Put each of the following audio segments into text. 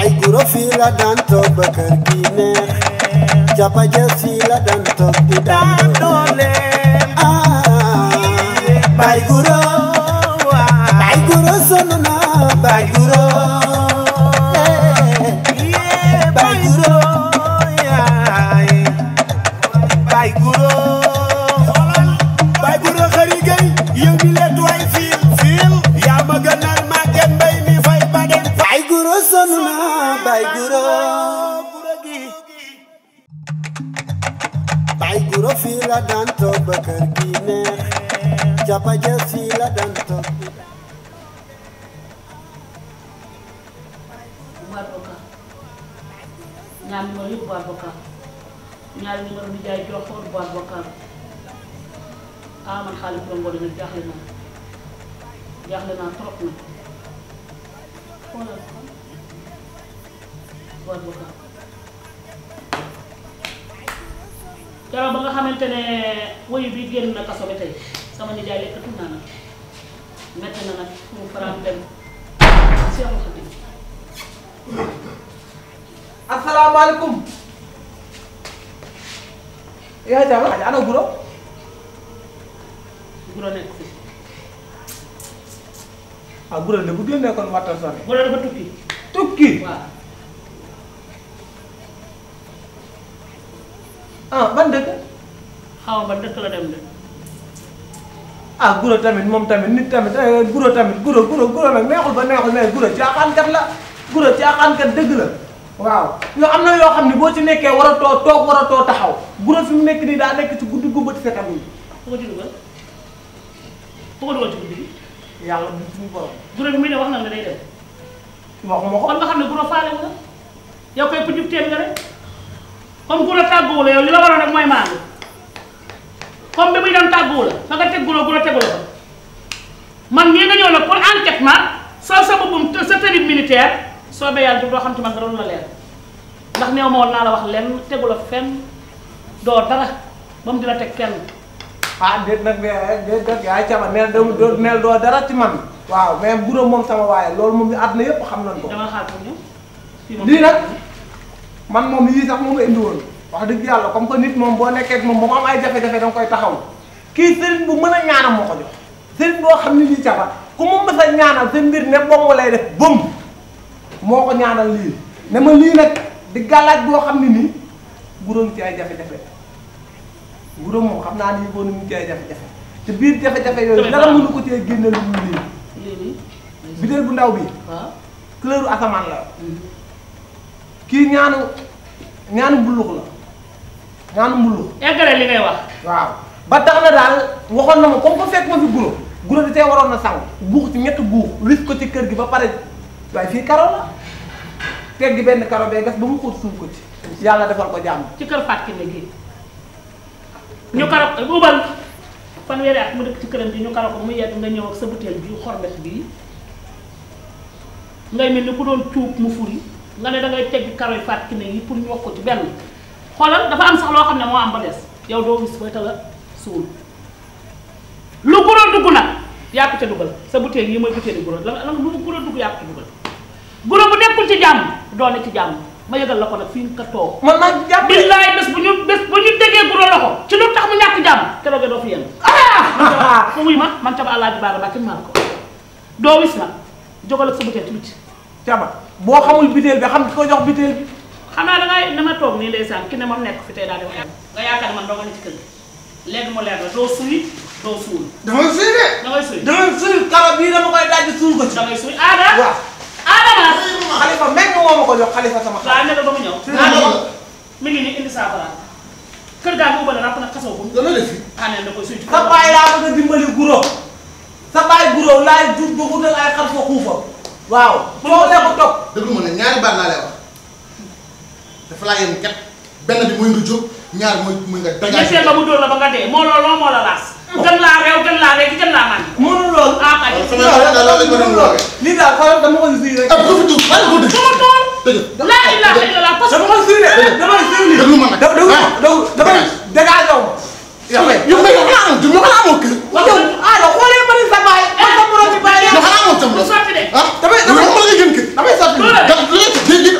ay guro fii la daan toog ba kër gi neex capa jees fii la daan toog di daan dooleem ah, ay guro jàppa jëf fii la daan toog Umar Oka ñaar numéro yëpp Umar Oka ñaar ah, xaalis bi nga nag jaaxle naa jaaxle naa trop nag xoolal Umar Oka ba nga xamante ne woyu bi génn na kaso bi tey sama nijaay lekk tuuti naa nag métti na nag mu faram dem si amul xarit. asalaamaaleykum. yaa ngi jàmm ana guro. guro nekk fi. ah guro de bu dul nekkoon waxtaan sax. guro dafa tukki. tukki waaw. ah ban dëkk. xaw ma ban dëkk la dem de. ah guro tamit moom tamit ni tamit eh, guro tamit guro guro guro neexul ba neexul mais guro caaxaankat la guro caaxaankat dëgg la waaw yoo am na yoo xam ne boo ci nekkee war a too taxaw guro fi mu nekk nii daa nekk ci guddi gu bët setamul fu ci dugal ko dugal ci guddi muy ne ko kon nga guro faale nga yow koy nga rek guro tàgguwu li la waroon mooy maandu comme bi muy doon tàgguwu la fa nga tegguloo gu la tegu la man ñii nga ñëw nag pour enquête ma soo sa boppam sa tenue militaire soo ba yàlla doo xam ci man dara lu la leer ndax néew ma naa la wax lenn tegu la fenn doo dara ba mu dina teg kenn. ah déet nag déet nag yaay cama neel doo doo dara ci man waaw mais buróom moom sama waaye loolu moom àdduna yépp xam na ko. dama xaar ko ñu. lii nag man moom yii sax moom nga indi woon. wax dëgg yàlla comme que nit moom boo nekkee moom moom am ay jafe-jafe danga koy taxaw kii sëriñ bu mën a ñaana moo ko jox sëriñ boo xam ne lii caba ko mu mës a ñaanal sa mbir ne bomb lay def bomb moo lii ne ma lii nag di galaat boo xam ne nii guróom ci ay jafe-jafe xam naa ni yëgoon na mu ci te biir jafe-jafe yooyu dara mënu ko cee génne lu mu lii bitéel bu ndaw bi couleuru asamaan la mm-hmm. kii ñaanu ñaanu bulux la naan mbulu. eggale li ngay wax. waaw ba tax na daal waxoon na ma comme que fekk ma fi guro guro di tey waroon na saw guux ci ñetti guux lif ko ci kër gi ba pare waaye fii karo la teggi benn karo bee gas ba mu xóot suuf ko ci. yàlla defal ko jàmm. ci kër Fatou Kiné gi ñu karo ubal fanweeri at mu dëkk ci këram gi ñu karo ko mu yedd nga ñëw ak sa butéel bi xorbet bii ngay mel ni ku doon cuub mu furi nga ne dangay teggi karo Fatou Kiné yi pour ñu ci benn. xoolal dafa am sax loo xam ne moo am ba des yow doo wis ba tala suul lu guro dugg nag yaa ko ca dugal sa butéel yi mooy butéeli guro la la lu guro dugg yaa ko ca dugal guro bu nekkul ci jàmm doone ci ma yëgal la ko nag fii nga toog. man maa jàpp billaay bu ñu bés bu ci lu tax mu ñàkk jàmm keroog doo fi yenn. ko ah! wuy ma man caba àllaaji baara bàcc maa ko doo wis nag jógal ak sa butéel ci biti. caba boo xamul butéel bi xam ki jox butéel bi. xam naa dangay dama toog nii ndeysaan ki ne moom nekk fi tey daa dem nga yaakaar man doo ci kër gi léegi mu leer la doo suy doo suul. damay suy de. damay suy damay suy karo bii dama koy daaj suul ko ci. damay suy aada. waaw aada naa. ko jox xalifa sama. waaw ne la ba mu ñëw. Ah, da a guro sa baay guro laay du ba utal ay xar fa xuufa waaw. boo leen ko toog. déglu ne ñaari baat laa lay flyam kat benn bi mooy nga jóg ñaar mooy mooy nga. dégagé ba mu dóor la ba nga dee moo looloo moo la laas. gën laa réew gën laa rek gën laa man. mënul lool ah kay. lii daal xoolal dama ko sii rek. ah bu fi ko dégg. sama tool. laa ilaaha illallaah parce que dama ko sii rek dama ko sii rek. déglu ma nag ah. dama dégagé wu. yow kay yow kay xanaa am jum yow xanaa amoo kër. waaw yow ah non xoolee ma ne sa baay. man sa borom bi bàyyi yow xanaa amoo jam ah, eh, la. du sotti de. ah damay damay damay sotti.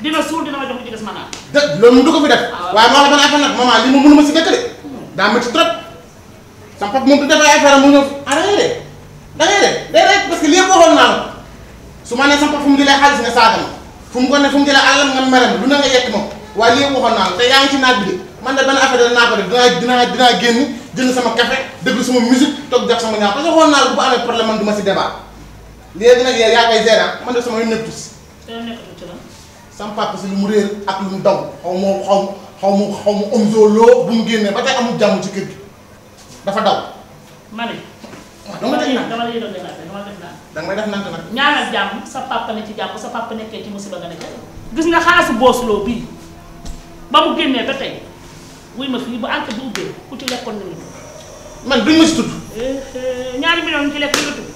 dina suul dina ma jox li ci ma naan. dë loolu du ko fi def. Ah, waaye moo la ban affaire nag maman li ma mënuma si dëkk de. daa métti trop. sama papa moom du def ay affaire mu ñëw ah da ngay su ma nee sama papa fu mu jëlee xaalis nga saaga ma mu ko ne fu mu jëlee alalam na nga moom waaye lépp waxoon naa la te yaa ngi ci bi man de benn affaire dinaa dinaa dinaa génn jënd sama café déglu sama musique toog jox sama ñaar parce que waxoon naa la bu amee problème ma si débat léegi nag yaa koy gérer man de sama papa si lu mu réer ak lu mu daw xaw ma xaw ma xaw mu xaw ma Omzo Lo bu mu génnee ba tey amul jàmm ci kër gi dafa daw. ma ne. waaw dama def naan dama def naan. danga may def ñaanal jàmm sa papa ne ci jàmm sa papa nekkee ci musiba nga ne gis nga xaalisu boosuloo bii ba mu génnee ba tey wuy ma fii bu ànk bi ubbee ku ci lekkoon nañu. man duñ ma si tudd. Eh, eh, ñaari millions ñu ci lekk ñu tudd.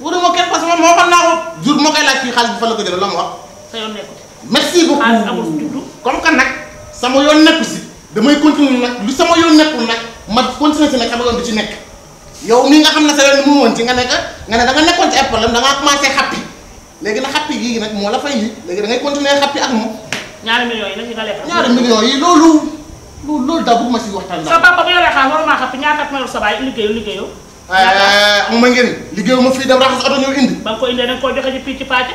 wutuma kenn parce que man waxoon naa ko jur moo koy laaj fii xaalis bi fa la ko jëlee la mu wax. merci beaucoup xaalis amul juddu. nag sama yoon nekku si damay continuer nag lu sama yoon nekkul nag ma continuer si nag sama yoon du ci nekk yow mi nga xam ne sa yoon mu woon ci nga nekk nga ne da nga nekkoon ci ay problème da ngaa commencé xàppi moo la fay lii léegi da ngay continuer xàppi ak moom. ñaari millions yi ñaari millions yi loolu loolu loolu daa ma si waxtaan. sa liggéeyu liggéeyu Eh, eh, eh, am a ngeen liggéeyu ma fii dem raxas oto ñëw indi. ba nga ko indee da nga koo joxe ci picc pàcc.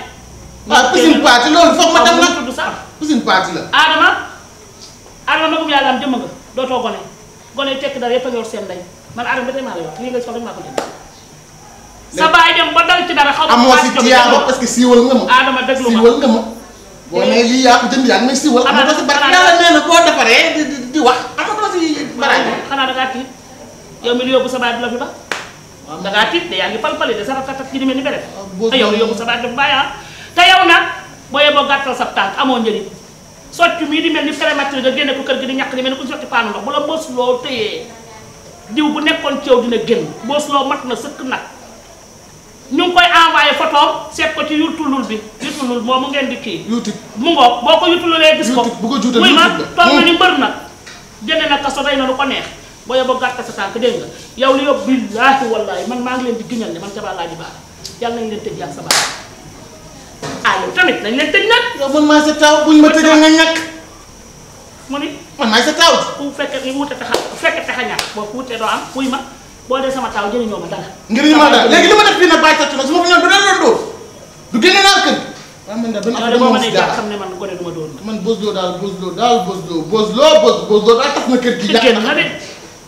waaw ah, piscine pàcc loolu foog ma dem nag tudd sax piscine pàcc la. Adama Adama magum yàlla am jëmm nga dootoo gone gone yi a si tiyaaba parce que siiwal nga ma. Adama xanaa dama xanaa na koo defaree di di wax amatoo si baraaj. tiit yow mi di yóbbu sa la fi ba waaw da ngaa tiit de yaa ngi palpale de sa ratatat ji di mel ni beret oh, te yow yóbbu sa baat def bàyyi ah. te yow nag booyee boo gàttal sa tànk amoo njëriñ soccu mii di mel ni prématuré nga génne bu la mbos bu nekkoon ci yow dina génn mbos loo na sëkk nag ñu ngi koy envoyé photo seet ko ci yutulul bi yutulul moomu ngeen di kii youtube mu ngoog boo ko yutululee gis ko muy ma toog na ni mbër nag génne na kaso day na lu ko neex boo yóbboo gàttal sa tànk dégg nga yow li yóbbu billaahi wallaahi man maa ngi leen di giñal ne man Keba laa di baara yàlla nañ leen sa baara ah yow tamit nañ leen tëj nag. yow man maa sa taaw buñ ma tëjee nga ñàkk. mu ni man maa sa taaw. bu fekkee wute taxa bu fekkee taxa ñàkk boo ko te doo am fuy ma boo dee sama taaw jëriñoo ma dara. ngir ñu ma dara léegi li ma def fii nag bàyyi tàcc na su ma fi ñëw du dara la dóor du génne naa kër. waaw man de benn affaire moom si dara xam ne man gone du ma dóor man bozloo daal bozloo daal bozloo bozloo bozloo daal tas na kër gi.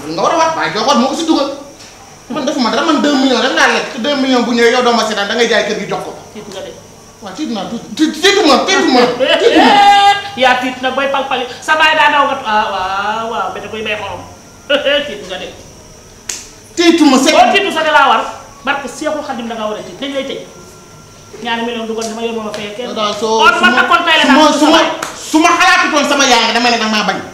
mun nga war a waat waaye doo moo ko si dugal man defuma dara man 2 millions rek laa lekk te 2 millions ma da de. waaw tiit naa tiit tiituma tiituma tiituma. yaa tiit nag bay palpali sa baay daa daw nga ah waaw waaw bete sa de laa war barke Seexul Xadim da nga war a tiit dañ lay tëj ñaari millions dugal dama yor soo su ma su sama yaay dama ne dama bañ.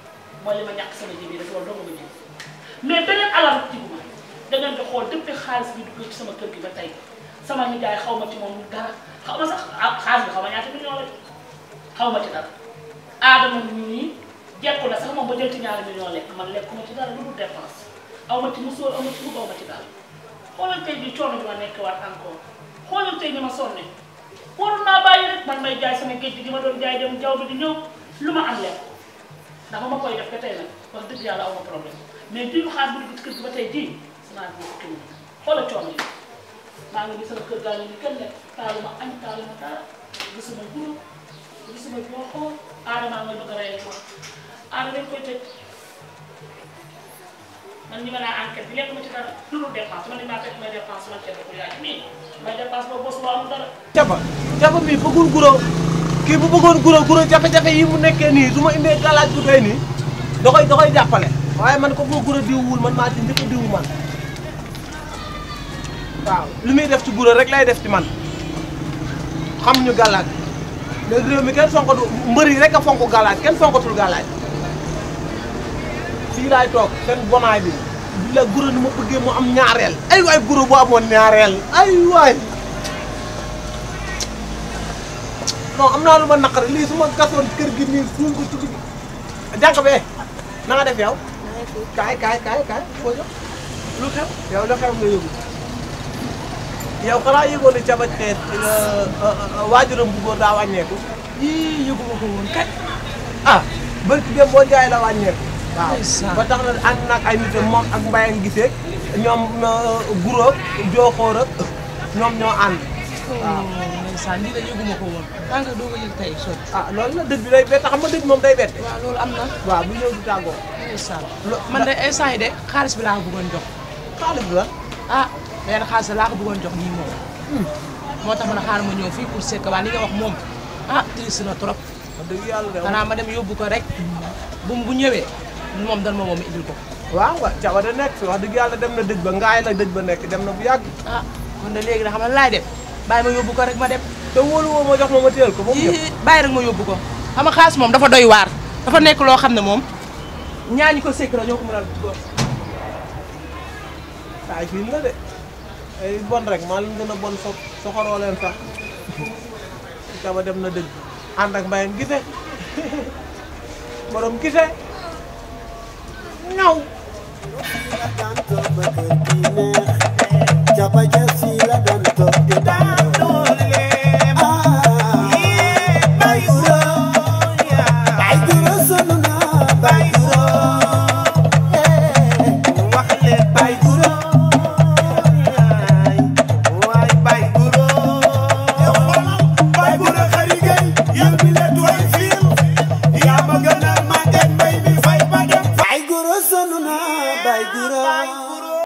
mooy li ma ñàkk sama ji bii dafa war dong ma ji mais beneen alal jiguma da ngeen di xool depuis xaalis bi dugg ci sama kër gi ba tey sama nijaay xaw ma ci moom dara xaw ma sax ah xaalis bi xaw ma ñaata million la xaw ma ci dara aadama ñu nii jekku na sax moom ba jël ci ñaari million lekk man lekku ma ci dara lu dul dépense aw ma ci musóor aw ma ci aw ma ci dara xoolal tey jii coono bi ma nekk waat encore xoolal tey ni ma sonne waroon naa bàyyi rek man may jaay sama géej gi ma doon jaay dem jaww bi di ñëw lu ma am lekk ndax ba ma koy def ba tey nag wax dëgg yàlla aw ma problème mais bii xaar bu kër gi ba tey jii semence bi ko tënk xoolal maa ngi nii sama kër gaa ngi nii taaluma añ taaluma dara gisuma guro gisuma joo xool aadamaa nga bëgg a reyal ko koy tëj man ñi ma naa enquête bi lekk ma ci dara lu dul dépense man damaa fekk may dépense man ca dëkk yaa ngi nii may dépense boobu boo su ma jafa jafa mi bëggul guro. kii bu bëggoon guro guro jafe-jafe yi mu nekkee nii su ma indee galaaj bu tey nii da koy da koy jàppale waaye man ko ko guro diwul man maa ci njëkk diwu man waaw li muy def ci guro rek lay def ci man xam ñu galaaj léegi réew mi kenn fonkatu mbër yi rek a fonk galaaj kenn fonkatul galaaj fii laay toog seen bonaay bi la guro ni ma bëggee mu am ñaareel ay waay guro bu amoon ñaareel ay non am naa lu ma naqari lii su ma gasoon kër gi nii suuf bi tudd jànq bee na def yow. kaay kaay kaay kaay foo jox lu xew yow lu xew nga yëgu yow xanaa yëgoon ni Thiaba Dieng euh, euh, waajuram bu góor daa wàññeeku. yii yëgu ma ko woon ah barki dem boo jaay la wàññeeku. waaw ba tax na ànd naag ay nit moom ak Mbaye gisee ñoom euh, Guro ak Joxoor ñoom ñoo ànd waaw. ndeysaan lii de yëguma ko woon tant que doo ko yëg tey ah, loolu la dëj bi day bett xam nga dëj moom day bett waaw loolu am na waaw bu ñëw du tàggoo ndeysaan man de instant de xaalis bi laa ko bëggoon jox xaalis bi la ah benn xaalis laa bëggoon jox nii hmm. moo tax ma ne xaaral ma fii pour sekk waa li nga wax moom ah triste na trop dëgg yàlla xanaa ma dem yóbbu ko rek bu bu ñëwee moom dan ma moom indil ko waaw waaw ca wa da nekk wax dëgg yàlla dem na dëj ba ngaay la dëj ba nekk dem na bu yàgg a ah, man de léegi da xam na laay def bàyyi ma yóbbu ko rek ma dem te wóolu woo ma jox ma ma téyal ko ba mu bàyyi rek ma yóbbu ko xam nga xaas moom dafa doy waar dafa nekk loo xam ne moom ñaañu ko sekk la ko mënal góor saa yi la so soxoroo leen dem na dëgg ànd ak mbayam gise borom gise ñaw